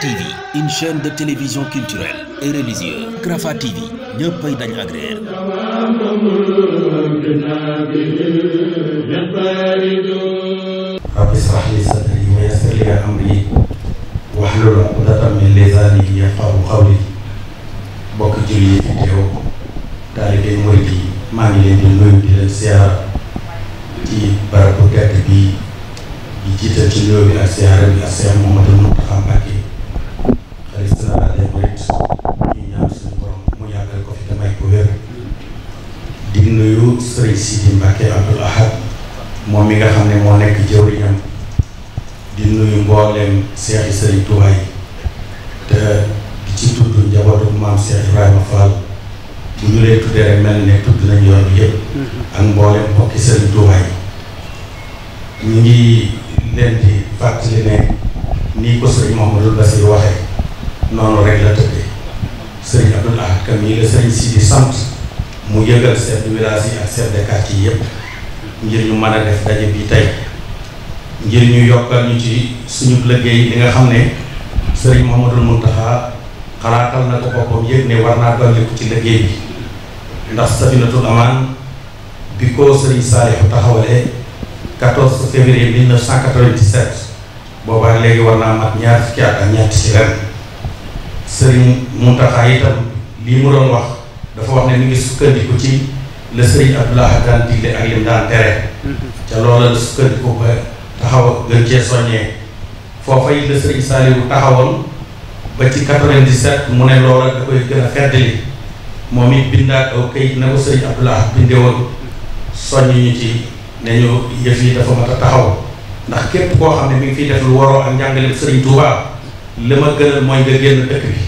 TV une chaîne de télévision culturelle et religieuse Rafah TV ñëppay dañ agréer rabbi ishrah li sadri wa yassir li amri wahlul uqdatan min lisani yafqahu qawli bokk julli yi fi teew taalibe murid yi maa ngi leen di nuyu di leen siyaara ci barab bu gàtt bi di jiital ci nuyoo ak siyaara Mbacke Abdoul Ahad moom mi nga xam ne moo nekk jëwriñam di nuyu mbooleem seexi sëriñ Tuubaa yi te di ci tudd njabootu maam Cheikh Ibrahima Fall bu ñu leen tuddee rek mel ne tudd nañ yoon bi ak mbooleem mbokki sëriñ Tuubaa yi ñu ngi leen di fàttali ne nii ko sëriñ Mouhamadou Bassir waxee noonu rek la tëddee sëriñ Abdoul Ahad kam yi la sëriñ si di sant mu yëgal chef de village yi ak chef de quartier yépp ngir ñu mën a def daje bi tey ngir ñu yokkal ñu ci suñu liggéey li nga xam ne sëriñ Mouhamadou Mountakha xalaatal na ko boppam yëg ne war naa dolliku ci liggéey bi ndax Safinatul Amaan bi ko sëriñ Saliou taxawalee 14 février 1997 boobaa léegi war naa mat ñaar fukki at ak ñett ci ren sëriñ Mountakha itam lii mu doon wax. dafa wax ne mi ngi sukkandiku ci la sëriñ Abdoulaye daan digle ak lim daan tere mm-hmm. ca loola la sukkandiku ba taxaw gën cee soññee foofa yi la sëriñ Saliou taxawoon ba ci 97 mu ne loola da koy gën a feddali moom it bindaat aw këyit sëriñ Abdoulaye bindewoon soññ ñu ci ñu yëf yi dafa mat a taxaw ndax képp koo xam ne mi ngi fiy def lu waroo ak njàngale sëriñ Touba li ma gënal mooy nga génn dëkk bi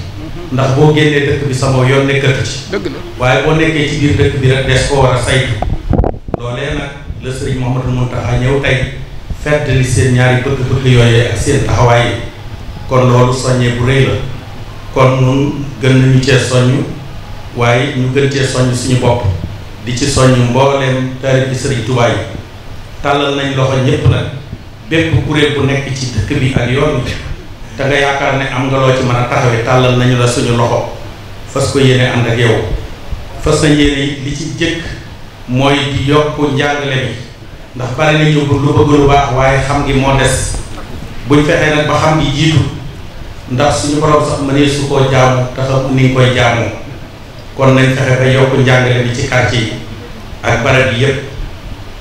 ndax boo génnee dëkk bi sama yoon nekkatu ci. dëgg la waaye boo nekkee ci biir dëkk bi rek des koo war a saytu loolee nag la sëriñ Mouhamadou Mountakha ñëw tey fàttali seen ñaari bëgg-bëgg yooyee ak seen taxawaay yi kon loolu soññee bu rëy la kon nun gën nañu cee soññ waaye ñu gën cee soññ suñu bopp di ci soññ mbooleem taalibe sëriñ Tuubaa yi tàllal nañ loxo ñépp nag bépp kuréel bu nekk ci dëkk bi ak yoon te nga yaakaar ne am nga loo ci mën a taxawee tàllal nañu la suñu loxo fas ko yéene ànd ak yow fas na yéene li ci jëkk mooy di yokk njàngale bi ndax bari nañu lu bëgg lu baax waaye xam gi moo des buñ fexee nag ba xam gi jiitu ndax suñu borom sax mënee su koo jaamu te xam ni nga koy jaamu kon nañ fexe ba yokk njàngale bi ci quartier yi ak barab yi yépp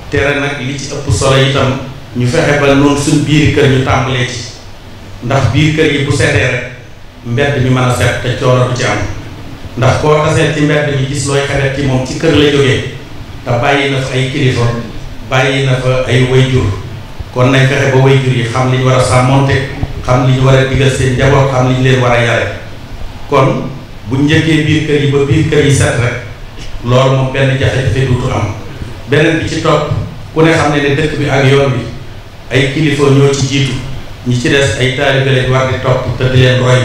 tere nag li ci ëpp solo itam ñu fexe ba noonu suñ biir kër ñu tàmbalee ci ndax biir kër yi bu setee rek mbedd mi mën a set te coono du ci am ndax koo tasee ci mbedd mi gis looy xarit ci moom ci kër la jógee te bàyyi na fa ay kilifa bàyyi na fa ay wayjur kon nañ fexe ba wayjur yi xam li ñu war a sàmmonte xam li ñu war a digal seen njaboot xam li leen war a yare kon bu njëkkee biir kër yi ba biir kër yi set rek loolu moom benn jafe-jafe duutu am beneen bi ci topp ku ne xam ne ne dëkk bi ak yoon bi ay kilifa ñoo ci jiitu ñi ci des ay taalibe lañ war di topp te leen roy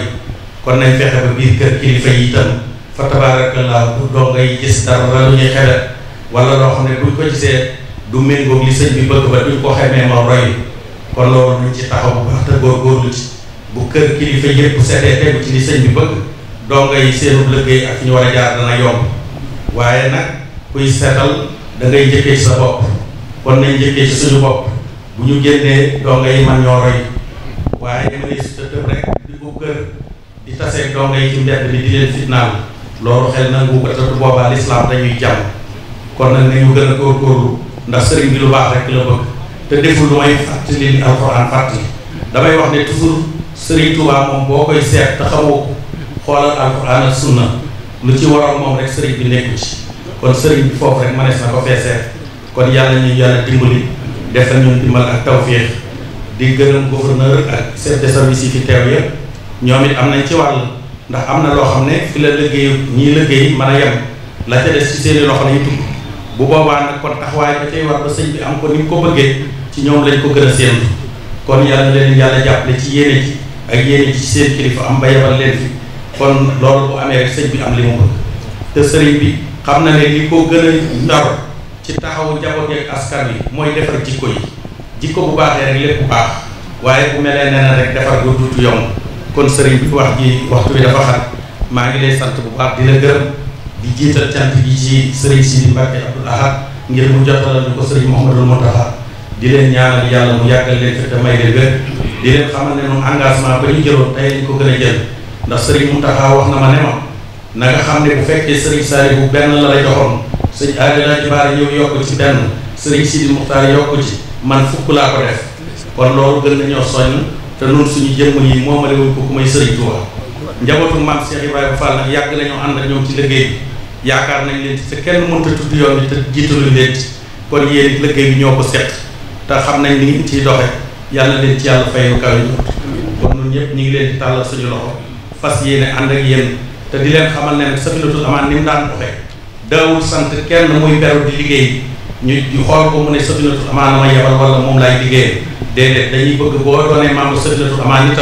kon nañ fexe ba biir kër kilifa yi itam fa tabaarakallaa bu doo ngay gis dara lu ñuy xelal wala loo xam ne buñ ko gisee du méngoog li sëñ bi bëgg ba duñ ko xamee moom roy kon loolu luñ ci taxaw bu baax te góorgóorlu ci bu kër kilifa yëpp setee tegu ci li sëñ bi bëgg doo ngay seenu liggéey ak fi ñu jaar dana yomb waaye nag kuy seetal da ngay ci sa bopp kon nañ njëkkee waaye damay tëb rek di ko kër di taseeg donga yi ci mbedd bi di leen fitnaal loolu xel nangu ko te boobaa lislaam dañuy jàmm kon nag nañu gën a góorgóorlu ndax sëriñ bi lu baax rek la bëgg te deful lu may fàttali ni alxuraan fàttali damay wax ne toujours sëriñ Tuubaa moom boo koy seet te xamoo xoolal alxuraan sunna lu ci waral moom rek sëriñ bi nekku ci kon sëriñ bi foofu rek mënees na ko feeseer kon yàlla ñu yàlla dimbali defal ñun di gërëm gouverneur ak chef de service yi fi teew yëpp ñoom it am nañ ci wàll ndax am na loo xam ne fi la liggéey ñiy liggéey mën a yem la ca des ci seen i loxo lay tugg bu boobaa nag kon taxawaay ba cay war ba sëñ bi am ko ni mu ko bëggee ci ñoom lañ ko gën a séentu kon yàlla leen yàlla jàppale ci yéene ji ak yéene ji ci seen kilifa am ba yebal leen fi kon loolu bu amee rek sëñ bi am li mu bëgg te sëriñ bi xam na ne li ko gën a ndaw ci taxawu njaboot ak askan wi mooy defar yi jikko bu baaxee rek lépp baax waaye bu melee nee na rek defar go yomb kon sëriñ bi wax ji waxtu bi dafa xat maa ngi lay sant bu baax di la gërëm di jiital cant bi ci sëriñ Sidi Mbacke Abdoul Ahad ngir mu jottalal ñu ko sëriñ Mouhamadou Mountakha di leen ñaanal yàlla mu yàggal leen fi te may leen di leen xamal ne moom engagement ba ñu jëloon tey lañ ko gën a jël ndax sëriñ Mountakha wax na ma ne ma na nga xam ne bu fekkee sëriñ Saliou bu benn la lay joxoon sëñ Adela man fukk laa ko def kon loolu gën nañoo soññ te nun suñu jëmm yi moomale wuñ ko ku may sëriñ Tuuba njabootu maam Cheikh Ibrahima Fall nag yàgg nañoo ànd ak ñoom ci liggéey bi yaakaar nañ leen ci te kenn mënta tudd yoon bi te jiitaluñ leen ci kon yéen it liggéey bi ñoo ko set te xam nañ ni ngi ciy doxe yàlla leen ci yàlla fay lu kaw yi kon nun ñëpp ñu ngi leen di tàllal suñu loxo fas yéene ànd ak yéen te di leen xamal ne nag Safinatul Amaan ni mu daan sant kenn muy di liggéey ñu ñu xool ko mu ne Safinatul Amaan ma yebal moom laay liggéey déedéet dañuy bëgg boo doonee membre Safinatul Amaan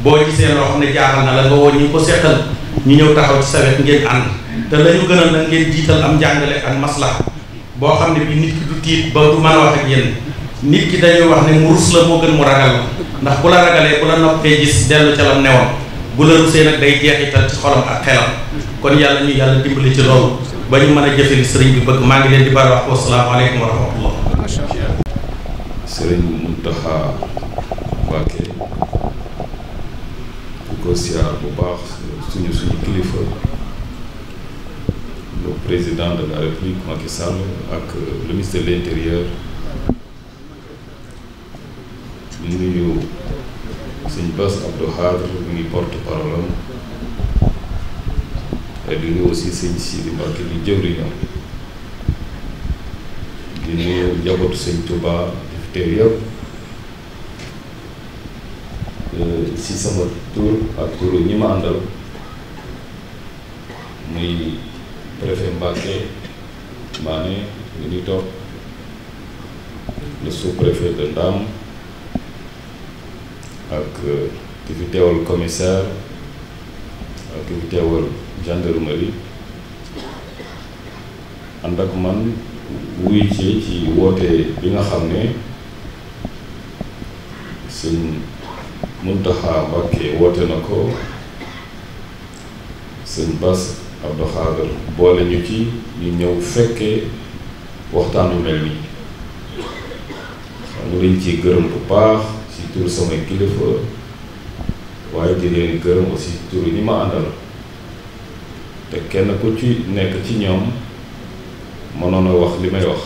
boo gisee loo xam ne jaaxal na la nga woo ñu ko seqal ñu ñëw taxaw ci sa wet ngeen ànd te la ñu gënal nag ngeen jiital am njàngale ak maslaha boo xam ne bi nit ki du tiit ba du mën a wax ak yéen nit ki dañuy wax ne mu rus la moo gën mu ragal ndax bu la ragalee bu la noppee gis dellu ca lam newoon bu la rusee nag day jeexital ci xolam ak xelam kon yàlla ñu yàlla dimbali ci loolu ba ñu mën a jëfe li sëriñ bi bëgg maa ngi leen di bari wax sëriñ Muntaxa Mbàkke di bu baax suñu suñu kilifa le président de la république Macky Sall ak le ministre de l'intérieur nuyu sëñ Bass Abdou Khadre muy porte-parole di nuyu aussi sëñ Sidi Mbacke di jëwriñam di nuyu njabootu sëñ Touba di fi teew yëpp si euh, sama tur ak turu ñi ma àndal muy préfet Mbacke Mané ñu ngi toog le ak euh, ki fi teewal commissaire ak ki fi teewal. gendarmerie ànd ak man wuyu ci ci woote li nga xam ne sëñ Muntaxa Mbàkke woote na ko seen Bass Abdou Khadre boole ñu ci ñu ñëw fekkee waxtaanu mel nii xam nga dañ gërëm bu baax ci tur samay kilifa waaye di leen gërëm aussi tur yi ni ma àndal te kenn ku ci nekk ci ñoom mënoon a wax li may wax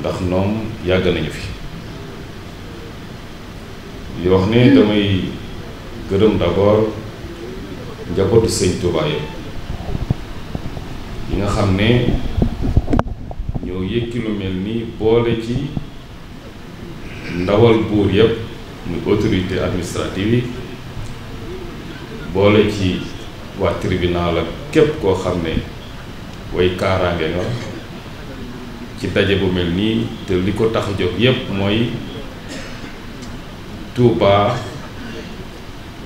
ndax noom yàgg nañu fi li wax ne damay gërëm d'abord njabootu sëñ Tuubaa yëpp nga xam ne ñoo yëkki lu mel ni boole ci ndawal buur yëpp muy autorité administrative yi boole ci waa tribunal ak képp koo xam ne way kaaraange nga ci daje bu mel nii te li ko tax a jóg yépp mooy Touba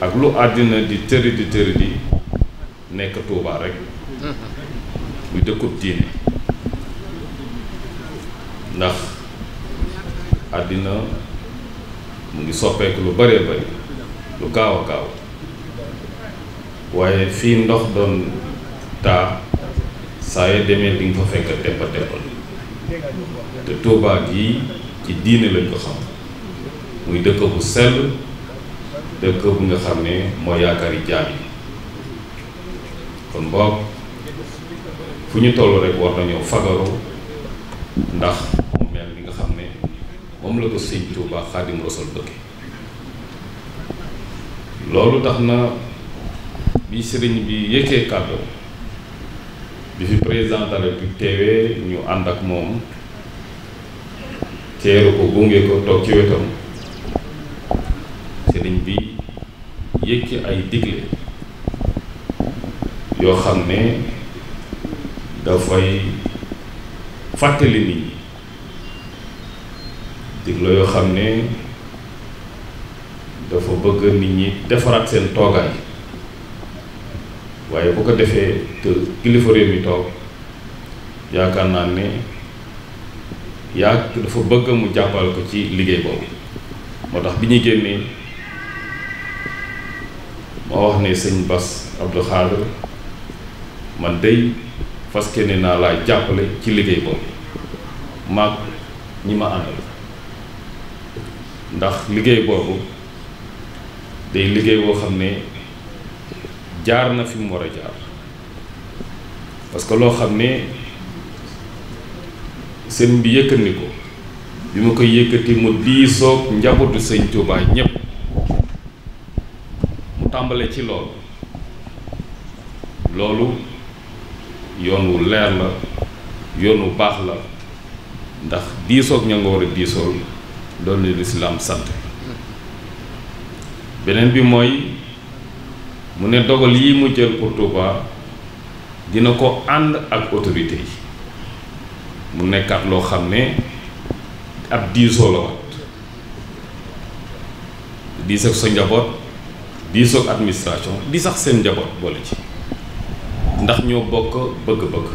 ak lu àddina di tëri di tëri di nekk Touba rek muy dëkkub diine ndax àddina mu ngi soppeeku lu bëree bëri lu gaaw a gaaw waaye fii ndox doon taa saa yoo demee di nga fa fekk teppa teppal te Touba gii ci diine lañ ko xam muy dëkk bu sell dëkk bu nga xam ne mooy yaakaari jaam yi kon boog fu ñu toll rek war nañoo fagaru ndax mel ni nga xam ne moom la ko sëñ Touba Xaadim Rasul dëkke loolu tax na bi sëriñ bi yëkkee kàddu bi fi président de teewee ñu ànd ak moom teeru ko gunge ko toog ci wetam sëriñ bi yëkki ay digle yoo xam ne dafay fàttali nit ñi digle yoo xam ne dafa bëgg nit ñi defaraat seen toogaay waaye bu ko defee te kilifa réew mi toog yaakaar naa ne yaa dafa bëgg mu jàppal ko ci liggéey boobu moo tax bi ñuy génnee moo wax ne sëñ Bass Abdou Khadre man day fas kenn naa laa jàppale ci liggéey boobu maag ñi ma àndal ndax liggéey boobu day liggéey boo xam ne jaar na fi mu war a jaar parce que loo xam ne sëñ bi yëkkandi ko bi ma koy yëkkati mu diisoog njabootu sëñ Tuubaa ñépp mu tàmbale ci loolu loolu yoon wu leer la yoon wu baax la ndax diisoog ña nga war a diisoog loolu lislaam sant mm. beneen bi mooy mu ne dogal yi mu jël pour ba dina ko ànd ak autorité yi mu nekkaat loo xam ne ab diisoo la wat diis ak sa njaboot diis ak administration di sax seen njaboot boole ci ndax ñoo bokk bëgg-bëgg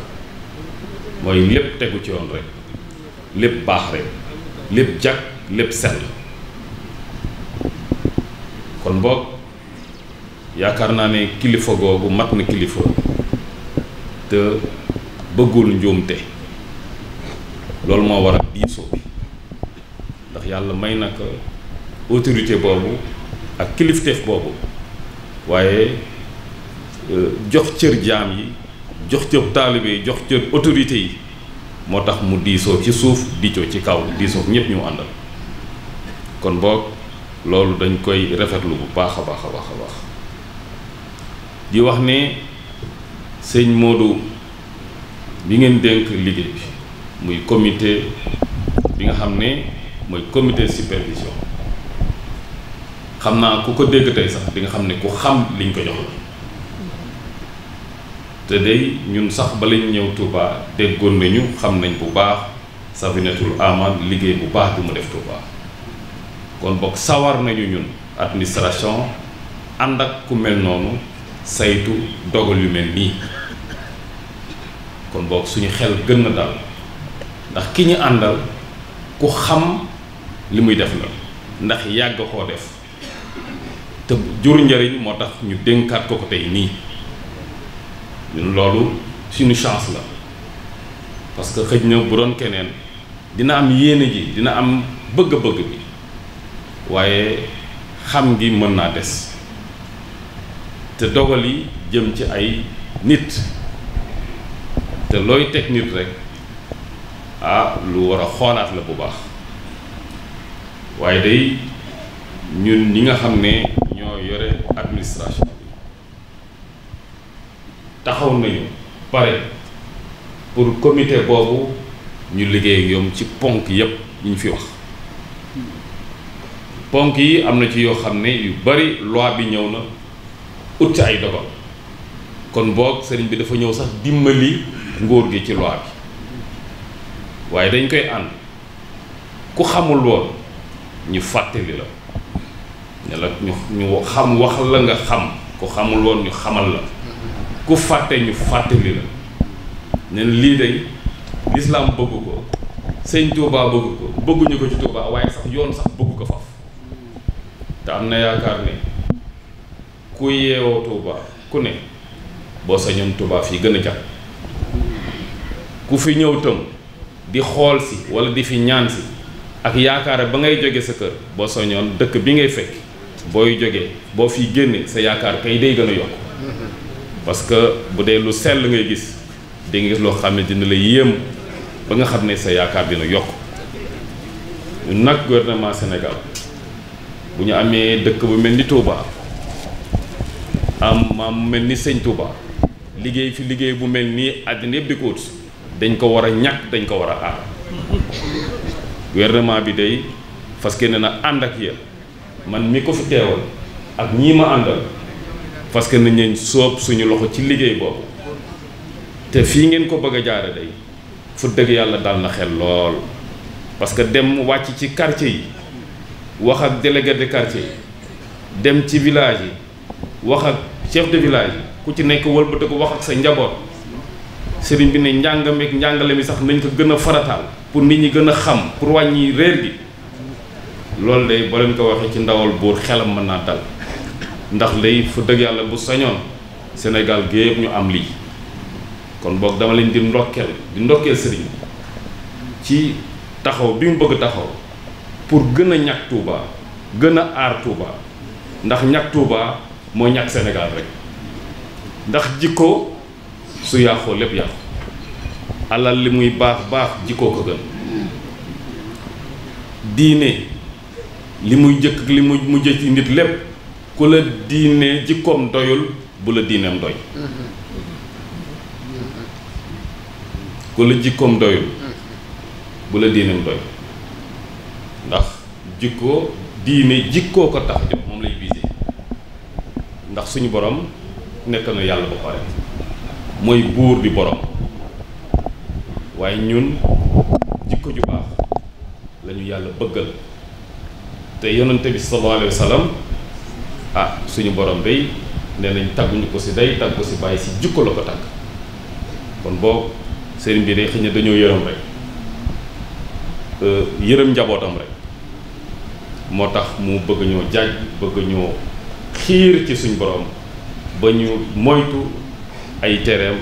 mooy lépp tegu ci yoon rek lépp baax rek lépp jag lépp sell kon bokk yaakaar naa ne kilifa googu mat na kilifa te bëggul njuumte loolu moo waral diisoo bi ndax yàlla may na autorité boobu ak kilifteef boobu waaye euh, jox cër jaam yi jox cër taalibe jox cër autorité yi moo tax mu diisoo ci suuf diisoo ci kaw diisoo ñépp ñu àndal kon boog loolu dañ koy rafetlu bu baax a baax a baax di wax ne sëñ Modou bi ngeen dénk liggéey bi muy comité bi nga xam ne mooy comité supervision xam naa ku ko dégg tey sax di nga xam ne ku xam liñ ko jox la te day ñun sax balañ lañ ñëw Touba déggoon nañu xam nañ bu baax Safinatul Aman liggéey bu baax bi mu def Touba kon bokk sawar nañu ñun administration ànd ak ku mel noonu saytu dogal yu mel nii kon boog suñu xel gën na dal ndax ki ñu àndal ku xam li muy def la ndax yàgg koo def te jur njëriñ moo tax ñu dénkaat ko ko tey nii ñun loolu suñu chance la parce que xëj na bu doon keneen dina am yéene ji dina am bëgg-bëgg bi waaye xam ngi mën naa des te dogal yi jëm ci ay nit te looy teg nit rek ah lu war a xoolaat la bu baax waaye day ñun ñi nga xam ne ñoo yore administration taxaw nañu pare pour comité boobu ñu liggéey ak ci ponk yépp ñu ñu fi wax ponk yi am na ci yoo xam ne yu bari loi bi ñëw na ut ay dogal kon boog sëriñ bi dafa ñëw sax dimbali nguur gi ci loi bi waaye dañ koy ànd ku xamul woon ñu fàttali la ne la ñu xam wax la nga xam ku xamul woon ñu xamal la ku fàtte ñu fàttali la ne lii de lislaam bëgg ko sëñ Touba bëgg ko bëgguñu ko ci Touba waaye sax yoon sax bëgg ko faf te am na yaakaar ne ku yeewoo Touba ku ne boo soñoon Touba fii gën a jàpp ku fi ñëw tam di xool si wala di fi ñaan si ak yaakaar ba ngay jóge sa kër boo sañoon dëkk bi ngay fekk booy jógee boo fi génne sa yaakaar kay day gën a yokk parce que bu dee lu sell ngay gis di nga gis loo xam ne dina la yéem ba nga xam ne sa yaakaar dina yokk ñun nag gouvernement Sénégal bu ñu amee dëkk bu mel ni Touba. am maam mel ni sëñ ba liggéey fi liggéey bu mel nii àddina yëpp di ko dañ ko war a ñàkk dañ ko war a aar gouvernement bi day fas ne na ànd ak yéen man mi ko fi teewal ak ñii ma ànd parce que nañ leen soob suñu loxo ci liggéey boobu te fii ngeen ko bëgg a jaare day fu dëgg yàlla daal na xel lool parce que dem wàcc ci quartier yi wax ak délégué de yi dem ci village yi wax ak chef de village ku ci nekk wëlbatiku wax ak sa njaboot sëriñ bi ne njàngam njàngale mi sax nañ ko gën a farataal pour nit ñi gën a xam pour wàññi réer gi loolu day boo leen ko waxee ci ndawal buur xelam ma naa dal ndax lay fu dëgg yàlla bu sañoon senegal gépp ñu am lii kon boog dama leen di ndokkeel di ndokkeel sëriñ bi ci taxaw bi mu bëgg taxaw pour gën a ñàkk Touba gën a aar Touba ndax ñàkk Touba moo ñàkk senegaal rek ndax jikkoo su yàqoo lépp yàqu alal li muy baax baax jikkoo ko gën diine li muy njëkk li mu mujj ci nit lépp ku la diine jikkoom doyul bu la diineem doy ku la jikkoom doyul bu la diineem doy ndax jikko diine jikkoo ko tax ndax suñu boroom nekk na yàlla ba pare mooy buur di borom waaye ñun jikko ju baax la yàlla bëggal te yonante bi sallallahu alayhi wa ah suñu borom day nee nañ tàgguñu ko si day tàgg ko si bàyyi si jikko la ko takk kon boo sëriñ bi day dañoo yërëm rek euh, yërëm njabootam rek moo tax mu bëgg ñoo jaaj bëgg ñoo xiir ci suñ borom ba ñu moytu ay tereem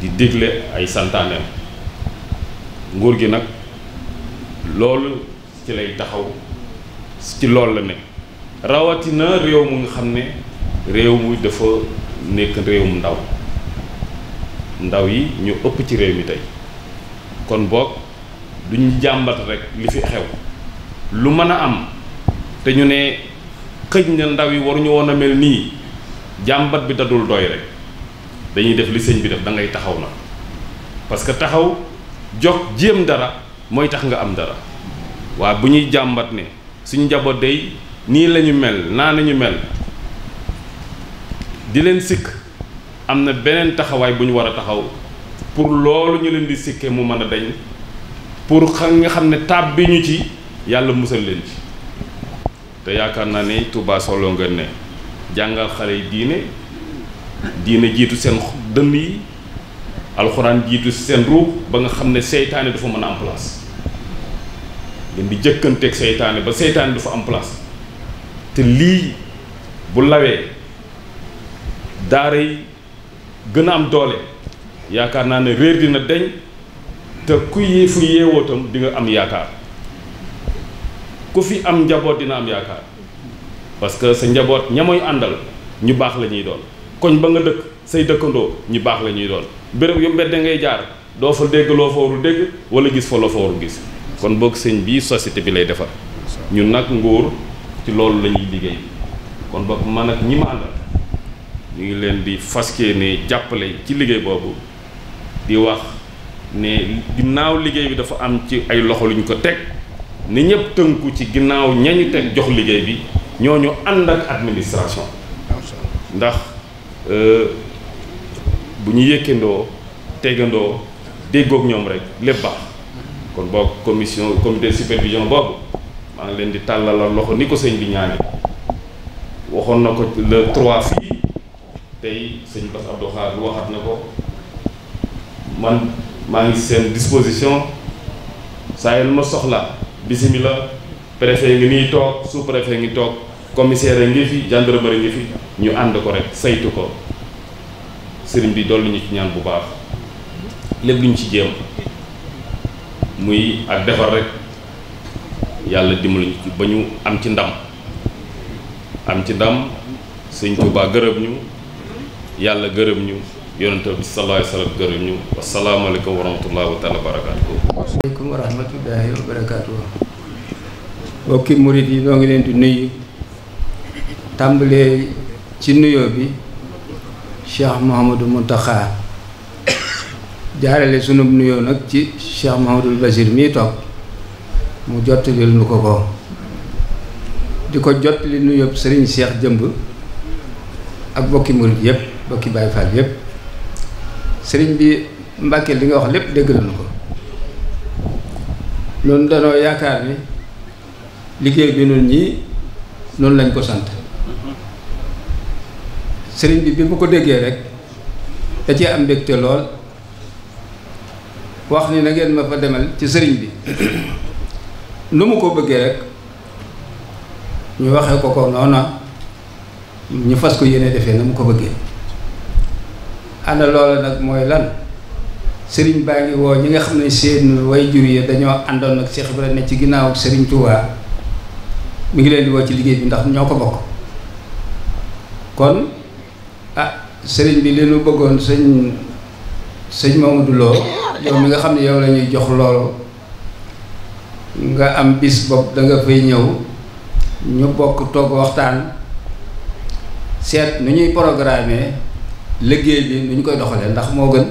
di digle ay santaaneem nguur gi nag loolu ci lay taxaw ci loolu la ne rawatina réew mu nga xam ne réew mu dafa nekk réewum ndaw ndaw yi ñu ëpp ci réew mi tey kon boog duñ jàmbat rek li fi xew lu mën a am te ñu ne xëj na ndaw yi waruñu woon a mel nii jàmbat bi dadul doy rek dañuy def li sëñ bi def da ngay taxaw na parce que taxaw jox jéem dara mooy tax nga am dara waaw bu ñuy jàmbat ne suñ njaboot day nii lañu mel naa nañu mel di leen sikk am na beneen taxawaay bu ñu war a taxaw pour loolu ñu leen di sikkee mu mën a dañ pour xam nga xam ne taab bi ñu ci yàlla musal leen ci te yaakaar naa ne Touba solo nga ne jàngal xale yi diine diine jiitu seen dënn yi alxuraan jiitu seen ruux ba nga xam ne seytaane dafa mën a am place ngeen di jëkkanteeg seytaane ba seytaane dafa am place te lii bu lawee daara yi gën a am doole yaakaar naa ne réer dina deñ te ku yee fu yeewoo di nga am yaakaar. ku fi am njaboot dina am yaakaar parce que sa njaboot ña mooy àndal ñu baax la ñuy doon koñ ba nga dëkk say dëkkandoo ñu baax la ñuy doon béréb yu mbedd ngay jaar doo fa dégg loo fa warul dégg wala gis fa loo fa warul gis kon boog sëñ bii société bi lay defar ñun nag nguur ci loolu lañuy ñuy liggéey kon bokk man ak ñi ma àndal ñu ngi leen di faskee ne jàppale ci liggéey boobu di wax ne ginnaaw liggéey bi dafa am ci ay loxo luñ ko teg ni ñëpp tënku ci ginnaaw ñañu teg jox liggéey bi ñoo ñooñu ànd ak administration ndax euh, bu ñu yëkkandoo tegandoo déggook ñoom rek lépp baax kon boog commission comité de supervision boobu maa ngi leen di tàllalal loxo ni ko sëñ bi ñaane waxoon na ko le 3 fii tey sëñ Bass Abdou Khadr waxat na ko man maa ngi seen disposition saa yéen ma soxla bisimilah préfet ngi nii toog sous préfet ngi toog commissaire ngi fi gendarmerie ngi fi ñu ànd ko rek saytu ko sëriñ bi dolli ñu ci ñaan bu baax lépp lu ñu ci jéem muy ak defar rek yàlla dimbali ñu ci ba ñu am ci ndam am ci ndam sëñ Tuubaa gërëm ñu yàlla gërëm ñu yonent bi sallallahu ñoo ngi leen di nuyu tàmbalee ci nuyoo bi Cheikh Mouhamadou Mountakha jaarale sunu nuyoo nag ci Cheikh Mouhamadou Bachir mii toog mu jottali lu ko ko di ko jottali nuyoo Serigne Cheikh Jëmb ak mbokki murit yëpp mbokki Baye Fall yëpp. sëriñ bi Mbàkke li nga wax lépp dégg nañu ko noonu danoo yaakaar ni liggéey bi noonu ñii noonu lañ ko sant sëriñ bi bi mu ko déggee rek da cee am mbégte lool wax ni na ngeen ma fa demal ci sëriñ bi nu mu ko bëggee rek ñu waxee ko ko noona ñu fas ko yéene defee na mu ko bëggee ana loola nag mooy lan sëriñ baa ngi woo ñi nga xam ne seet seen way jur yi dañoo àndoon ak Cheikh Ibrahima ne ci ginnaaw ak sëriñ Touba mi ngi leen di woo ci liggéey bi ndax ñoo ko bokk kon ah sëriñ bi li nu bëggoon sëñ sëñ Mamadou Lo yow mi nga xam ne yow lañuy ñuy jox loolu nga am bis bopp da nga fay ñëw ñu bokk toog waxtaan seet nu ñuy programmer liggéey bi nu ñu koy doxalee ndax moo gën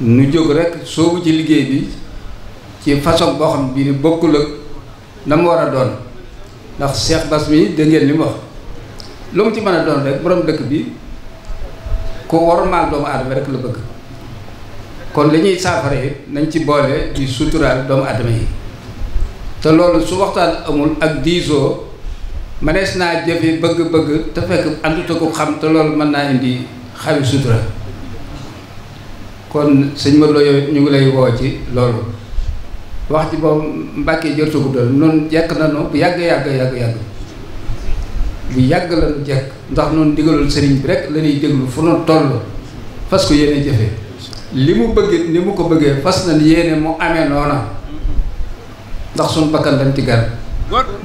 nu jóg rek soobu ci liggéey bi ci façon boo xam bi ni bokkul ak na mu war a doon ndax Cheikh Bass mi dégg ngeen li mu wax lu mu ci mën a doon rek borom dëkk bi ku war maal doomu aadama rekk la bëgg kon li ñuy saafara nañ ci boole di suturaal doomu aadama yi te loolu su waxtaan amul ak diisoo mënees naa jëfe bëgg-bëgg te fekk àndut ak xam te loolu mën naa indi xawi sutura kon sëñ Modou Lo ñu ngi lay woo ci loolu wax ci boobu Mbàkke jortu guddal noonu jekk na nu bu yàgg yàgg yàgg yàgg bu yàgg la nu jekk ndax noonu digalul sëriñ bi rek la ñuy déglu fu nu toll fas ko yéene jëfee li mu bëgg ni mu ko bëggee fas na yéene mu amee noona ndax suñ bakkan lañ ci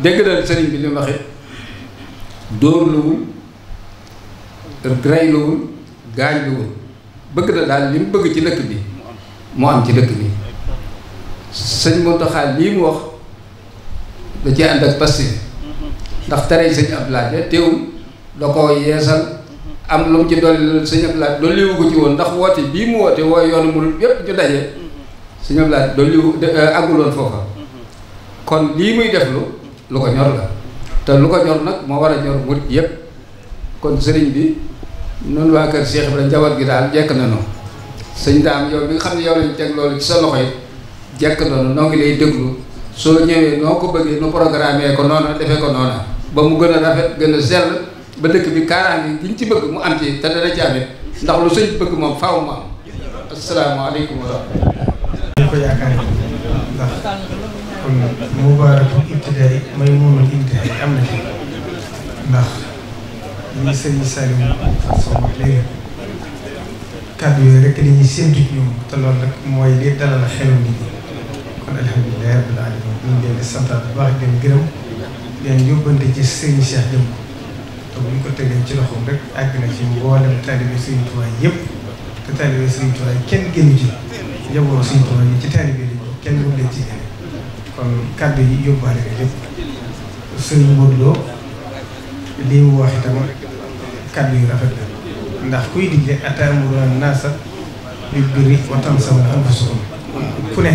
dégg na sëriñ bi li mu waxee dóorluwul reyluwul gaañ lu bëgg na daal li mu bëgg ci lëkk bi mu am ci dëkk bi sëñ Mountakha lii mu wax da ci ànd ak passif ndax tere sëñ Abdoulaye de teewul da ko yeesal am lu mu ci dolli sëñ Abdoulaye dolliwu ko ci woon ndax woote bii mu woote wooy yoonu mu yépp ñu daje sëñ Abdoulaye dolliwu euh, àgguloon foofa kon lii muy def lu lu ko ñor la te lu ko ñor nag moo war a ñor murit yépp kon sëriñ bi noonu waa kër Cheikh Ibrahima njaboot gi daal jekk na nañu sëñ daam yow bi nga xam ne yow lañ teg loolu ci sa loxo yi jekk nañu noo ngi lay déglu soo ñëwee noo ko bëggee nu programmé ko noonu defee ko noona ba mu gën a rafet gën a sell ba dëkk bi kaaraange gi ñu ci bëgg mu am ci te dana ci amit ndax lu sëñ bëgg moom faaw mu am asalaamaaleykum wa rahmatulah. ndax. ñi sëriñ Saliou Fatou Sow léegi kàddu yooyu rek dañuy séntu ci ñoom te loolu mooy li dalal xelu nit ñi kon alhamdulilah rabbil alamin ñu ngi bu baax leen gërëm di leen yóbbante bu ñu ko tegee ci loxoom rek àgg na ci mboolem taalibe sëriñ Tuubaa yëpp te taalibe sëriñ Tuubaa kenn génn ci yóbboo sëriñ Tuubaa ci taalibe kenn du leen ci génn kon kàddu yi yóbbaale rek yëpp sëriñ Modou kàddu yu rafet la ndax kuy digle atamuruna naasa bil birri wa tansawna anfusakum ku ne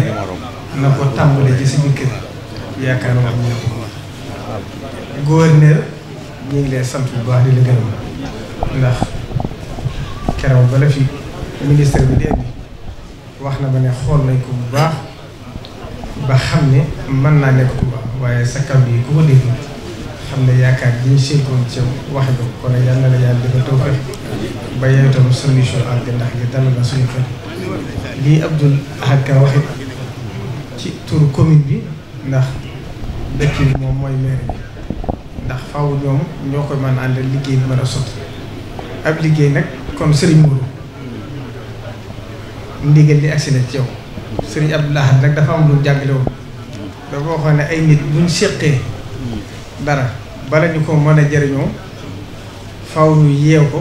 na ko tàmbalee ci suñu kër yaakaar naa ne ko gouverneur ñu ngi lay sant bu baax di la gërëm ndax keroog bala fi ministre bi di wax na ma ne xool nañ ko bu baax ba xam ne mën naa nekk Tuuba waaye sa kàddu yi ku ko déglu. xam ne yaakaar ji ñu séntoon ci waxe ko kon yal na la yàlla dafa taw fex ba yow itam solution àgg ndax li dal na suñu xel lii Abdoul Ahad Ka waxe ci turu commune bi ndax dëkk yi moom mooy maire bi ndax faaw ñoom ñoo ko mën a àndal liggéey bi man a sotti ab liggéey nag kon Serigne Mourou ndigal li agsi na ci yow Serigne Abdoul Ahad nag dafa am lu jàngale dafa waxoon ne ay nit buñ séqee dara bala ñu ko mën a jariñoo faw ñu yeew ko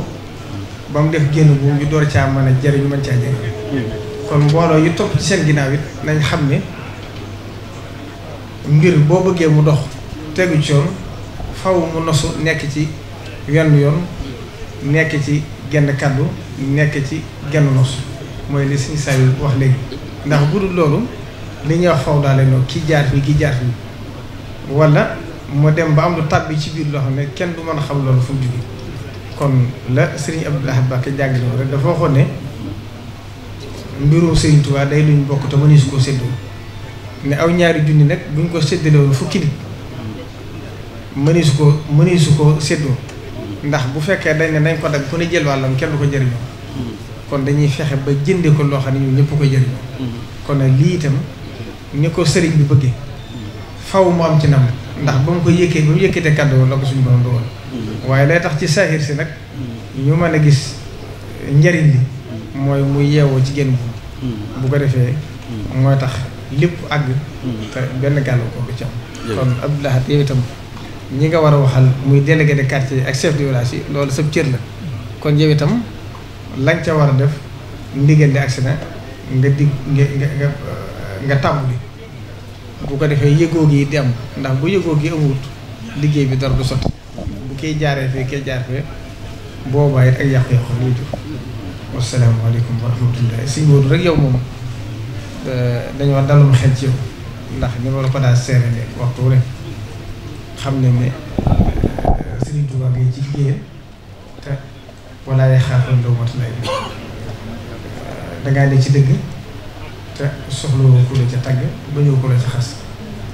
ba mu def génn bu ñu door caa mën a jëriñu mën caa jëriñ kon mbooloo yu topp ci seen ginnaaw it nañ xam ni ngir boo bëggee mu dox tegu ci yoon faw mu nosu nekk ci wenn yoon nekk ci genn kàddu nekk ci genn nos mooy li si saa yu wax léegi ndax bu dul loolu li ñuy wax faw daal leen ki jaar fii ki jaar fii wala mu dem ba am lu tàbbi ci biir loo ne kenn du mën a xam loolu fu mu kon la Serigne Abdou Lahad Mbacké jàngale woon rek dafa waxoon ne mbirum Serigne Touba day luñ bokk te mënees koo séddoo ne aw ñaari junni nag buñ ko séddalee woon fukki nit mënees koo mënees séddoo ndax bu fekkee dañ ne nañ ko dagg ku ne jël wàllam kenn bu ko jëriñoo. kon dañuy fexe ba jëndee ko loo ne ñun ñëpp ko jëriñoo. kon nag lii itam ni ko sëriñ bi bëggee. faw mu am ci nam ndax ba mu ko yëkkee ba mu yëkkatee kàddu woon la ko suñu borom dogal mm-hmm. waaye lay tax ci saahir si nag mm-hmm. ñu mën a gis njariñ li mm-hmm. mooy mu yeewoo ci génn bu bu ko defee mooy tax lépp àgg te benn gàllu kon Abdoulahat yow itam ñi nga war a waxal muy délégué de quartier ak chef de yi loolu sab cër la kon yow itam lañ ca war a def ndigal di agsi na nga dig nga nga nga tàmbali bu ko defee yëgoo gi dem am ndax bu yëgoo gi amut liggéey bi dara du sotti bu kay jaaree fee kay jaar fee boobaa it ak yàqu-yàqu luy jur wasalaamaaleykum wa rahmatullahi si wóoru ndax ni ma la ko daa seere ne waxtu euh, ci liggéeyal te walaayee xaaral loo mot lay euh, dangaa ci dëgg te soxlawoo ku la ca tàgg ba ñëw ku ca xas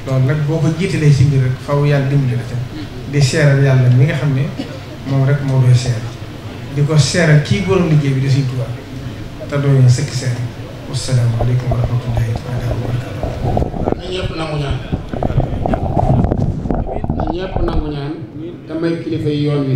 loolu nag boo ko jiitalee si mbir rek faw yàlla dimbali la ca di seeral yàlla mi nga xam ne moom rek moo doy seeral di ko seeral kii borom liggéey bi da tubaab te doo ñu sëkk seeral wasalaamaaleykum wa rahmatullahi taala wa barakaatu na ñëpp nangu ñaan na ñëpp nangu ñaan damay kilifa yi yoon wi